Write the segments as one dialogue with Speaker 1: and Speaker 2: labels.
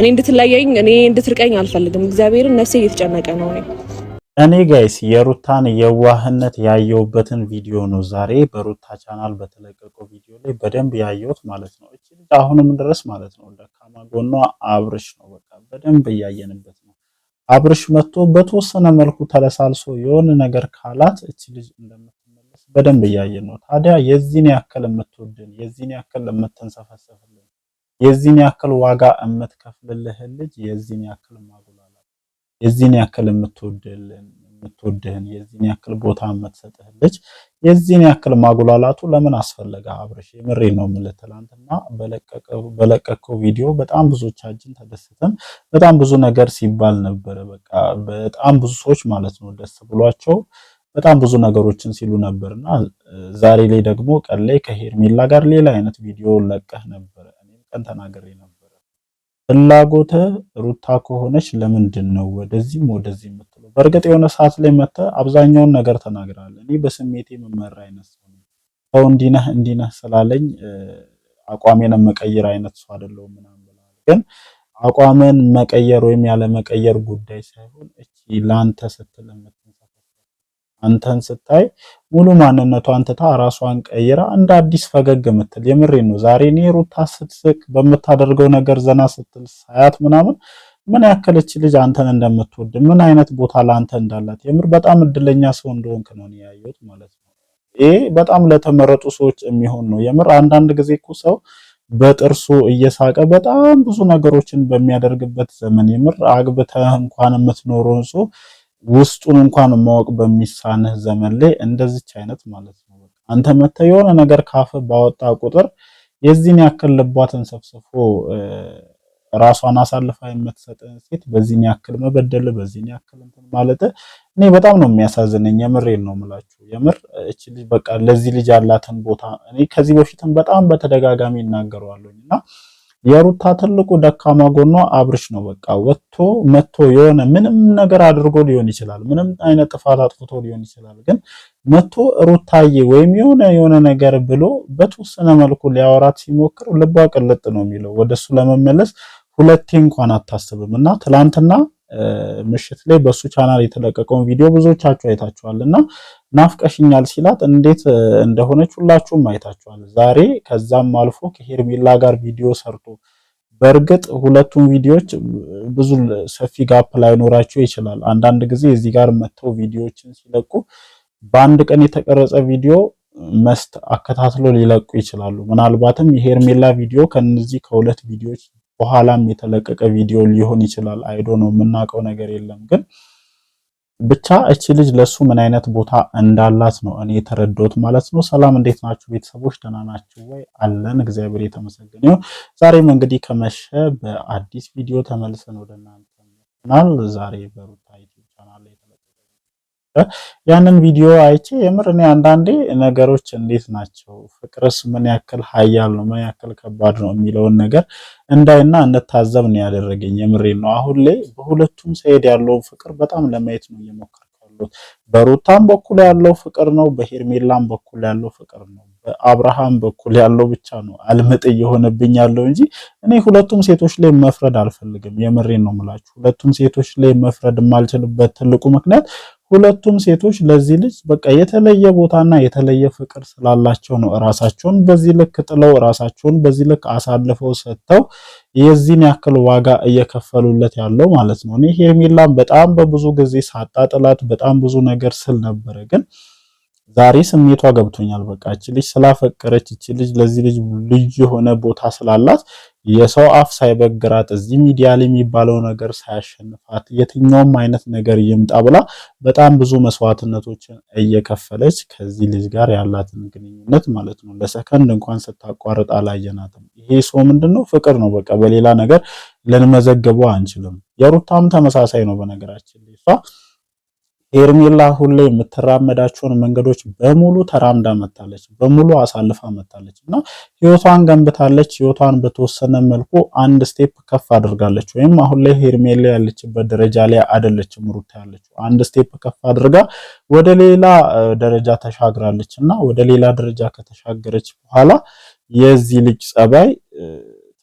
Speaker 1: እኔ እንድትለየኝ እኔ እንድትርቀኝ አልፈልግም። እግዚአብሔርን ነፍሴ እየተጨነቀ ነው። እኔ
Speaker 2: እኔ ጋይስ የሩታን የዋህነት ያየውበትን ቪዲዮ ነው ዛሬ በሩታ ቻናል በተለቀቀው ቪዲዮ ላይ በደንብ ያየሁት ማለት ነው። እቺ ልጅ አሁንም ድረስ ማለት ነው ደካማ ጎኗ አብርሽ ነው። በቃ በደንብ እያየንበት ነው። አብርሽ መጥቶ በተወሰነ መልኩ ተለሳልሶ የሆነ ነገር ካላት እቺ ልጅ እንደምትመለስ በደንብ እያየን ነው። ታዲያ የዚህን ያክል የምትወድን የዚህን ያክል የምትንሰፈሰፍልን የዚህን ያክል ዋጋ የምትከፍልልህ ልጅ የዚህን ያክል ማጉላላት፣ የዚህን ያክል የምትወድልን የምትወድህን የዚህን ያክል ቦታ የምትሰጥህ ልጅ የዚህን ያክል ማጉላላቱ ለምን አስፈለገ? አብርሽ የምሬ ነው የምልህ። ትናንትና በለቀቀው ቪዲዮ በጣም ብዙዎቻችን ተደስተን በጣም ብዙ ነገር ሲባል ነበረ። በቃ በጣም ብዙ ሰዎች ማለት ነው ደስ ብሏቸው በጣም ብዙ ነገሮችን ሲሉ ነበርና ዛሬ ላይ ደግሞ ቀን ላይ ከሄርሜላ ጋር ሌላ አይነት ቪዲዮ ለቀህ ነበረ ቀን ተናገር የነበረ ፍላጎተ ሩታ ከሆነች ለምንድን ነው ወደዚህም ወደዚህ የምትለው? በእርግጥ የሆነ ሰዓት ላይ መተ አብዛኛውን ነገር ተናግራለ። እኔ በስሜቴ መመራ አይነት ሰው ሰው እንዲነህ እንዲነህ ስላለኝ አቋሜን መቀየር አይነት ሰው አይደለሁም ምናምን ብላል። ግን አቋምን መቀየር ወይም ያለ መቀየር ጉዳይ ሳይሆን እቺ ላንተ ስትል አንተን ስታይ ሙሉ ማንነቷን ትታ ራሷን ቀይራ እንደ አዲስ ፈገግ የምትል የምሬ ነው። ዛሬ እኔ ሩታ ስትስቅ በምታደርገው ነገር ዘና ስትል ሳያት ምናምን ምን ያከለች ልጅ አንተን እንደምትወድ ምን አይነት ቦታ ለአንተ እንዳላት የምር በጣም እድለኛ ሰው እንደሆንክ ነው ያየሁት ማለት ነው። ይሄ በጣም ለተመረጡ ሰዎች የሚሆን ነው። የምር አንዳንድ ጊዜ እኮ ሰው በጥርሱ እየሳቀ በጣም ብዙ ነገሮችን በሚያደርግበት ዘመን የምር አግብተህ እንኳን የምትኖረውን ሰው ውስጡን እንኳን ማወቅ በሚሳንህ ዘመን ላይ እንደዚች አይነት ማለት ነው። አንተ መተህ የሆነ ነገር ካፍ ባወጣ ቁጥር የዚህን ያክል ልቧ ተንሰፍስፎ ራሷን አሳልፋ የምትሰጥህን ሴት በዚህን ያክል መበደል፣ በዚህን ያክል እንትን ማለት እኔ በጣም ነው የሚያሳዝነኝ። የምሬን ነው የምላችሁ። የምር እቺ ልጅ በቃ ለዚህ ልጅ ያላትን ቦታ እኔ ከዚህ በፊትም በጣም በተደጋጋሚ እናገረዋለሁኝ እና የሩታ ትልቁ ደካማ ጎኗ አብርሽ ነው። በቃ ወጥቶ መጥቶ የሆነ ምንም ነገር አድርጎ ሊሆን ይችላል፣ ምንም አይነት ጥፋት አጥፍቶ ሊሆን ይችላል። ግን መጥቶ ሩታዬ ወይም የሆነ የሆነ ነገር ብሎ በተወሰነ መልኩ ሊያወራት ሲሞክር ልቧ ቅልጥ ነው የሚለው። ወደሱ ለመመለስ ሁለቴ እንኳን አታስብም እና ትላንትና ምሽት ላይ በሱ ቻናል የተለቀቀውን ቪዲዮ ብዙዎቻችሁ አይታችኋል እና ናፍቀሽኛል ሲላት እንዴት እንደሆነች ሁላችሁም አይታችኋል። ዛሬ ከዛም አልፎ ከሄርሜላ ጋር ቪዲዮ ሰርቶ በእርግጥ ሁለቱም ቪዲዮዎች ብዙ ሰፊ ጋፕ ላይኖራቸው ይችላል። አንዳንድ ጊዜ እዚህ ጋር መጥተው ቪዲዮዎችን ሲለቁ በአንድ ቀን የተቀረጸ ቪዲዮ መስት አከታትሎ ሊለቁ ይችላሉ። ምናልባትም የሄርሜላ ቪዲዮ ከነዚህ ከሁለት ቪዲዮዎች በኋላም የተለቀቀ ቪዲዮ ሊሆን ይችላል። አይዶ ነው የምናውቀው ነገር የለም። ግን ብቻ እቺ ልጅ ለሱ ምን አይነት ቦታ እንዳላት ነው እኔ የተረዳሁት ማለት ነው። ሰላም እንዴት ናችሁ ቤተሰቦች? ደህና ናችሁ ወይ? አለን እግዚአብሔር የተመሰገነ ይሁን። ዛሬም እንግዲህ ከመሸ በአዲስ ቪዲዮ ተመልሰን ወደ እናንተ ዛሬ በሩታ ያንን ቪዲዮ አይቼ የምር እኔ አንዳንዴ ነገሮች እንዴት ናቸው፣ ፍቅርስ ምን ያክል ሀያል ነው፣ ምን ያክል ከባድ ነው የሚለውን ነገር እንዳይና እንድታዘብ ነው ያደረገኝ። የምሬ ነው። አሁን ላይ በሁለቱም ሳይድ ያለውን ፍቅር በጣም ለማየት ነው እየሞከርኩ በሩታም በኩል ያለው ፍቅር ነው፣ በሄርሜላም በኩል ያለው ፍቅር ነው፣ በአብርሃም በኩል ያለው ብቻ ነው አልምጥ እየሆነብኝ ያለው እንጂ እኔ ሁለቱም ሴቶች ላይ መፍረድ አልፈልግም። የምሬ ነው የምላችሁ። ሁለቱም ሴቶች ላይ መፍረድ የማልችልበት ትልቁ ምክንያት ሁለቱም ሴቶች ለዚህ ልጅ በቃ የተለየ ቦታና የተለየ ፍቅር ስላላቸው ነው ራሳቸውን በዚህ ልክ ጥለው ራሳቸውን በዚህ ልክ አሳልፈው ሰጥተው የዚህን ያክል ዋጋ እየከፈሉለት ያለው ማለት ነው። እኔ ሄርሜላን በጣም በብዙ ጊዜ ሳጣጥላት በጣም ብዙ ነገር ስል ነበረ፣ ግን ዛሬ ስሜቷ ገብቶኛል። በቃ እቺ ልጅ ስላፈቀረች እቺ ልጅ ለዚህ ልጅ ልዩ የሆነ ቦታ ስላላት የሰው አፍ ሳይበግራት እዚህ ሚዲያ ላይ የሚባለው ነገር ሳያሸንፋት የትኛውም አይነት ነገር ይምጣ ብላ በጣም ብዙ መስዋዕትነቶችን እየከፈለች ከዚህ ልጅ ጋር ያላትን ግንኙነት ማለት ነው ለሰከንድ እንኳን ስታቋርጥ አላየናትም። ይሄ ሰው ምንድነው? ፍቅር ነው። በቃ በሌላ ነገር ልንመዘገበው አንችልም። የሩታም ተመሳሳይ ነው። በነገራችን ላይ እሷ ሄርሜላ አሁን ላይ የምትራመዳቸውን መንገዶች በሙሉ ተራምዳ መታለች፣ በሙሉ አሳልፋ መጣለች እና ህይወቷን ገንብታለች። ህይወቷን በተወሰነ መልኩ አንድ ስቴፕ ከፍ አድርጋለች። ወይም አሁን ላይ ሄርሜላ ያለችበት ደረጃ ላይ አይደለችም ሩታ ያለችው። አንድ ስቴፕ ከፍ አድርጋ ወደ ሌላ ደረጃ ተሻግራለች እና ወደ ሌላ ደረጃ ከተሻገረች በኋላ የዚህ ልጅ ጸባይ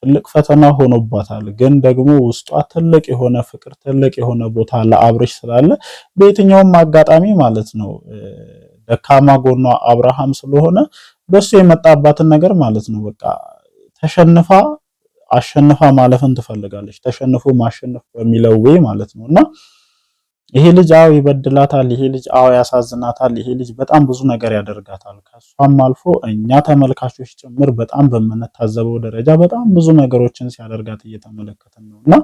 Speaker 2: ትልቅ ፈተና ሆኖባታል። ግን ደግሞ ውስጧ ትልቅ የሆነ ፍቅር፣ ትልቅ የሆነ ቦታ ለአብርሽ ስላለ በየትኛውም አጋጣሚ ማለት ነው ደካማ ጎኗ አብርሃም ስለሆነ በሱ የመጣባትን ነገር ማለት ነው በቃ ተሸንፋ አሸንፋ ማለፍን ትፈልጋለች። ተሸንፎ ማሸነፍ በሚለው ወይ ማለት ነውና ይሄ ልጅ አዎ ይበድላታል፣ ይሄ ልጅ አዎ ያሳዝናታል፣ ይሄ ልጅ በጣም ብዙ ነገር ያደርጋታል። ከሷም አልፎ እኛ ተመልካቾች ጭምር በጣም በምንታዘበው ደረጃ በጣም ብዙ ነገሮችን ሲያደርጋት እየተመለከትን ነው እና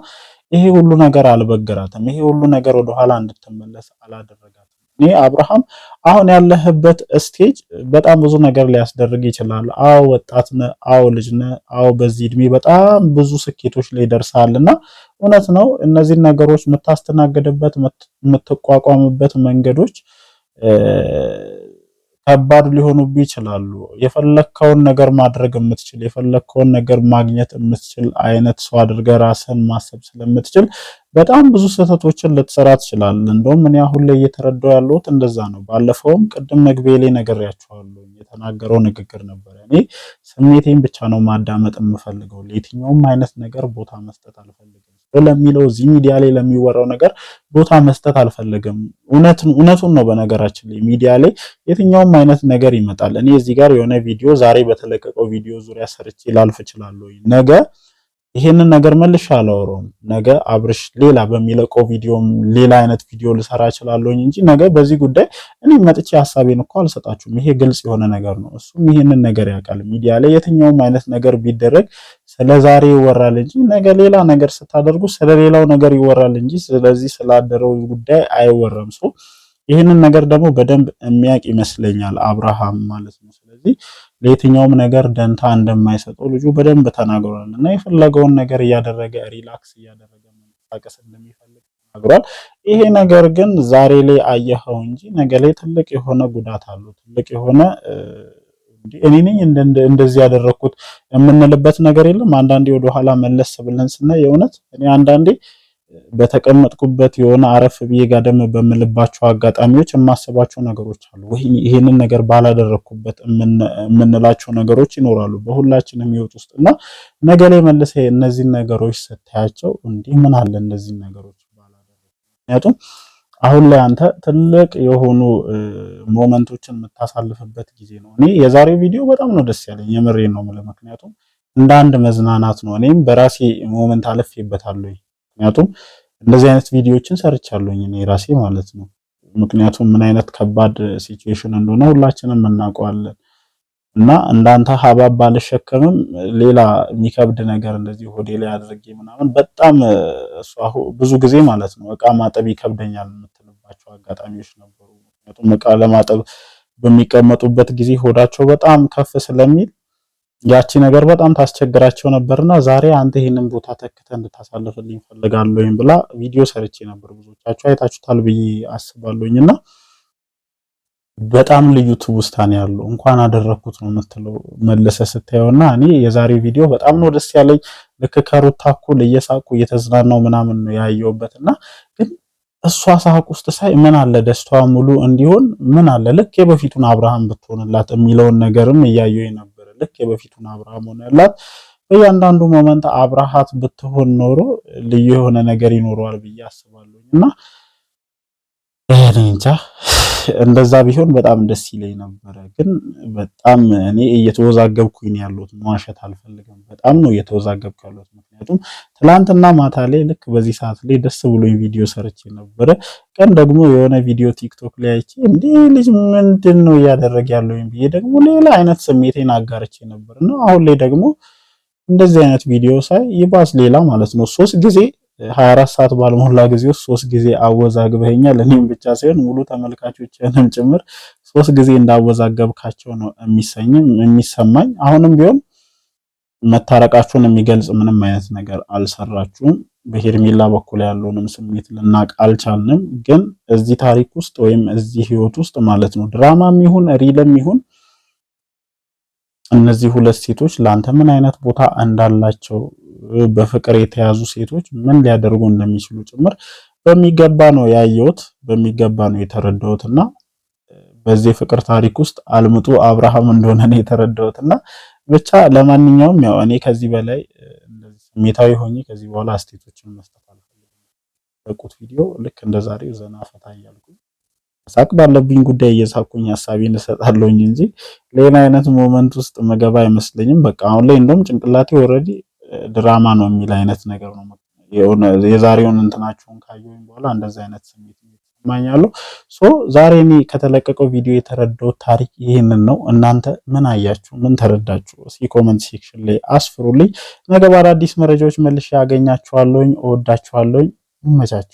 Speaker 2: ይሄ ሁሉ ነገር አልበገራትም። ይሄ ሁሉ ነገር ወደኋላ እንድትመለስ አላደረጋትም። እኔ አብርሃም አሁን ያለህበት ስቴጅ በጣም ብዙ ነገር ሊያስደርግ ይችላል። አዎ ወጣት ነህ፣ አዎ ልጅ ነህ፣ አዎ በዚህ እድሜ በጣም ብዙ ስኬቶች ላይ ደርሳል እና እውነት ነው እነዚህን ነገሮች የምታስተናግድበት የምትቋቋምበት መንገዶች ከባድ ሊሆኑብ ይችላሉ። የፈለግከውን ነገር ማድረግ የምትችል የፈለግከውን ነገር ማግኘት የምትችል አይነት ሰው አድርገ ራስን ማሰብ ስለምትችል በጣም ብዙ ስህተቶችን ልትሰራ ትችላል። እንደውም እኔ አሁን ላይ እየተረዳው ያለሁት እንደዛ ነው። ባለፈውም ቅድም መግቢያ ላይ ያቸዋሉ። የተናገረው ንግግር ነበር። እኔ ስሜቴን ብቻ ነው ማዳመጥ የምፈልገው፣ ለየትኛውም አይነት ነገር ቦታ መስጠት አልፈልግም ለሚለው እዚህ ሚዲያ ላይ ለሚወራው ነገር ቦታ መስጠት አልፈልግም እውነቱን ነው። በነገራችን ላይ ሚዲያ ላይ የትኛውም አይነት ነገር ይመጣል። እኔ እዚህ ጋር የሆነ ቪዲዮ ዛሬ በተለቀቀው ቪዲዮ ዙሪያ ሰርቼ ላልፍ እችላለሁ ነገ ይሄንን ነገር መልሼ አላወራውም። ነገ አብርሽ ሌላ በሚለቀው ቪዲዮም ሌላ አይነት ቪዲዮ ልሰራ እችላለሁኝ እንጂ ነገ በዚህ ጉዳይ እኔ መጥቼ ሀሳቤን እኮ አልሰጣችሁም። ይሄ ግልጽ የሆነ ነገር ነው። እሱም ይሄንን ነገር ያውቃል። ሚዲያ ላይ የትኛውም አይነት ነገር ቢደረግ ስለ ዛሬ ይወራል እንጂ ነገ ሌላ ነገር ስታደርጉ ስለሌላው ነገር ይወራል እንጂ ስለዚህ ስላደረው ጉዳይ አይወራም ሰው ይህንን ነገር ደግሞ በደንብ የሚያውቅ ይመስለኛል አብርሃም ማለት ነው። ስለዚህ ለየትኛውም ነገር ደንታ እንደማይሰጠው ልጁ በደንብ ተናግሯል እና የፈለገውን ነገር እያደረገ ሪላክስ እያደረገ መንቀሳቀስ እንደሚፈልግ ተናግሯል። ይሄ ነገር ግን ዛሬ ላይ አየኸው እንጂ ነገ ላይ ትልቅ የሆነ ጉዳት አለው። ትልቅ የሆነ እኔ ነኝ እንደዚህ ያደረግኩት የምንልበት ነገር የለም። አንዳንዴ ወደኋላ መለስ ብለን ስናይ የእውነት እኔ አንዳንዴ በተቀመጥኩበት የሆነ አረፍ ብዬ ጋደም በምልባቸው አጋጣሚዎች የማስባቸው ነገሮች አሉ። ወይ ይህንን ነገር ባላደረግኩበት የምንላቸው ነገሮች ይኖራሉ በሁላችንም ሕይወት ውስጥ እና ነገ ላይ መልሰ እነዚህን ነገሮች ስታያቸው እንዲህ ምን አለ እነዚህን ነገሮች ባላደረግ። ምክንያቱም አሁን ላይ አንተ ትልቅ የሆኑ ሞመንቶችን የምታሳልፍበት ጊዜ ነው። እኔ የዛሬው ቪዲዮ በጣም ነው ደስ ያለኝ፣ የምሬ ነው። ምክንያቱም እንደ አንድ መዝናናት ነው። እኔም በራሴ ሞመንት አለፌበታለሁ። ምክንያቱም እንደዚህ አይነት ቪዲዮዎችን ሰርቻለሁኝ እኔ ራሴ ማለት ነው። ምክንያቱም ምን አይነት ከባድ ሲቹዌሽን እንደሆነ ሁላችንም እናውቀዋለን። እና እንዳንተ ሀባብ ባልሸከምም ሌላ የሚከብድ ነገር እንደዚህ ሆዴ ላይ አድርጌ ምናምን በጣም እሱ ብዙ ጊዜ ማለት ነው እቃ ማጠብ ይከብደኛል የምትልባቸው አጋጣሚዎች ነበሩ። ምክንያቱም እቃ ለማጠብ በሚቀመጡበት ጊዜ ሆዳቸው በጣም ከፍ ስለሚል ያቺ ነገር በጣም ታስቸግራቸው ነበርና ዛሬ አንተ ይህንን ቦታ ተክተ እንድታሳልፍልኝ ፈልጋለሁኝ ብላ ቪዲዮ ሰርቼ ነበር። ብዙዎቻችሁ አይታችሁታል ብዬ አስባለሁኝ። እና በጣም ልዩ ትውስታ ነው ያለው። እንኳን አደረግኩት ነው የምትለው መለሰ ስታየውና፣ እኔ የዛሬ ቪዲዮ በጣም ነው ደስ ያለኝ። ልክ ከሩታ እኩል እየሳቁ እየተዝናናው ምናምን ነው ያየሁበት እና ግን እሷ ሳቅ ውስጥ ሳይ ምን አለ ደስታዋ ሙሉ እንዲሆን ምን አለ ልክ የበፊቱን አብርሃም ብትሆንላት የሚለውን ነገርም እያየው ነበር ልክ የበፊቱን አብርሃም ሆነ ያላት በእያንዳንዱ ሞመንት አብርሃት ብትሆን ኖሮ ልዩ የሆነ ነገር ይኖረዋል ብዬ አስባለሁ እና እንጃ እንደዛ ቢሆን በጣም ደስ ይለኝ ነበረ። ግን በጣም እኔ እየተወዛገብኩኝ ያለሁት መዋሸት አልፈልግም። በጣም ነው እየተወዛገብኩ ያለሁት። ምክንያቱም ትላንትና ማታ ላይ ልክ በዚህ ሰዓት ላይ ደስ ብሎኝ ቪዲዮ ሰርቼ ነበረ። ቀን ደግሞ የሆነ ቪዲዮ ቲክቶክ ላይ አይቼ እንዴ ልጅ ምንድን ነው እያደረገ ያለው ብዬ ደግሞ ሌላ አይነት ስሜቴን አጋርቼ ነበር እና አሁን ላይ ደግሞ እንደዚህ አይነት ቪዲዮ ሳይ ይባስ ሌላ ማለት ነው ሶስት ጊዜ 24 ሰዓት ባልሞላ ጊዜ ውስጥ ሶስት ጊዜ አወዛግበኛል። እኔም ብቻ ሳይሆን ሙሉ ተመልካቾችንም ጭምር ሶስት ጊዜ እንዳወዛገብካቸው ነው የሚሰማኝ። አሁንም ቢሆን መታረቃችሁን የሚገልጽ ምንም አይነት ነገር አልሰራችሁም። በሄርሜላ በኩል ያለውንም ስሜት ልናቅ አልቻልንም። ግን እዚህ ታሪክ ውስጥ ወይም እዚህ ህይወት ውስጥ ማለት ነው ድራማም ይሁን ሪልም ይሁን እነዚህ ሁለት ሴቶች ለአንተ ምን አይነት ቦታ እንዳላቸው በፍቅር የተያዙ ሴቶች ምን ሊያደርጉ እንደሚችሉ ጭምር በሚገባ ነው ያየሁት፣ በሚገባ ነው የተረዳሁት እና በዚህ ፍቅር ታሪክ ውስጥ አልምጡ አብርሃም እንደሆነ ነው የተረዳሁት። እና ብቻ ለማንኛውም ያው እኔ ከዚህ በላይ ስሜታዊ ሆኜ ከዚህ በኋላ አስቴቶችን መስጠት አልፈልግም። በቁት ቪዲዮ ልክ እንደ ዘና ፈታ እያልኩኝ ሳቅ ባለብኝ ጉዳይ እየሳቁኝ ሀሳቤን እሰጣለሁኝ እንጂ ሌላ አይነት ሞመንት ውስጥ መገባ አይመስለኝም። በቃ አሁን ላይ እንደውም ጭንቅላቴ ኦልሬዲ ድራማ ነው የሚል አይነት ነገር ነው የዛሬውን እንትናችሁን ካየሁኝ በኋላ እንደዚህ አይነት ስሜት እማኛለሁ። ሶ ዛሬ እኔ ከተለቀቀው ቪዲዮ የተረዳው ታሪክ ይህንን ነው። እናንተ ምን አያችሁ? ምን ተረዳችሁ? እስኪ ኮመንት ሴክሽን ላይ አስፍሩልኝ። ነገ በአዳዲስ መረጃዎች መልሼ አገኛችኋለሁኝ። እወዳችኋለሁኝ። ይመቻችሁ።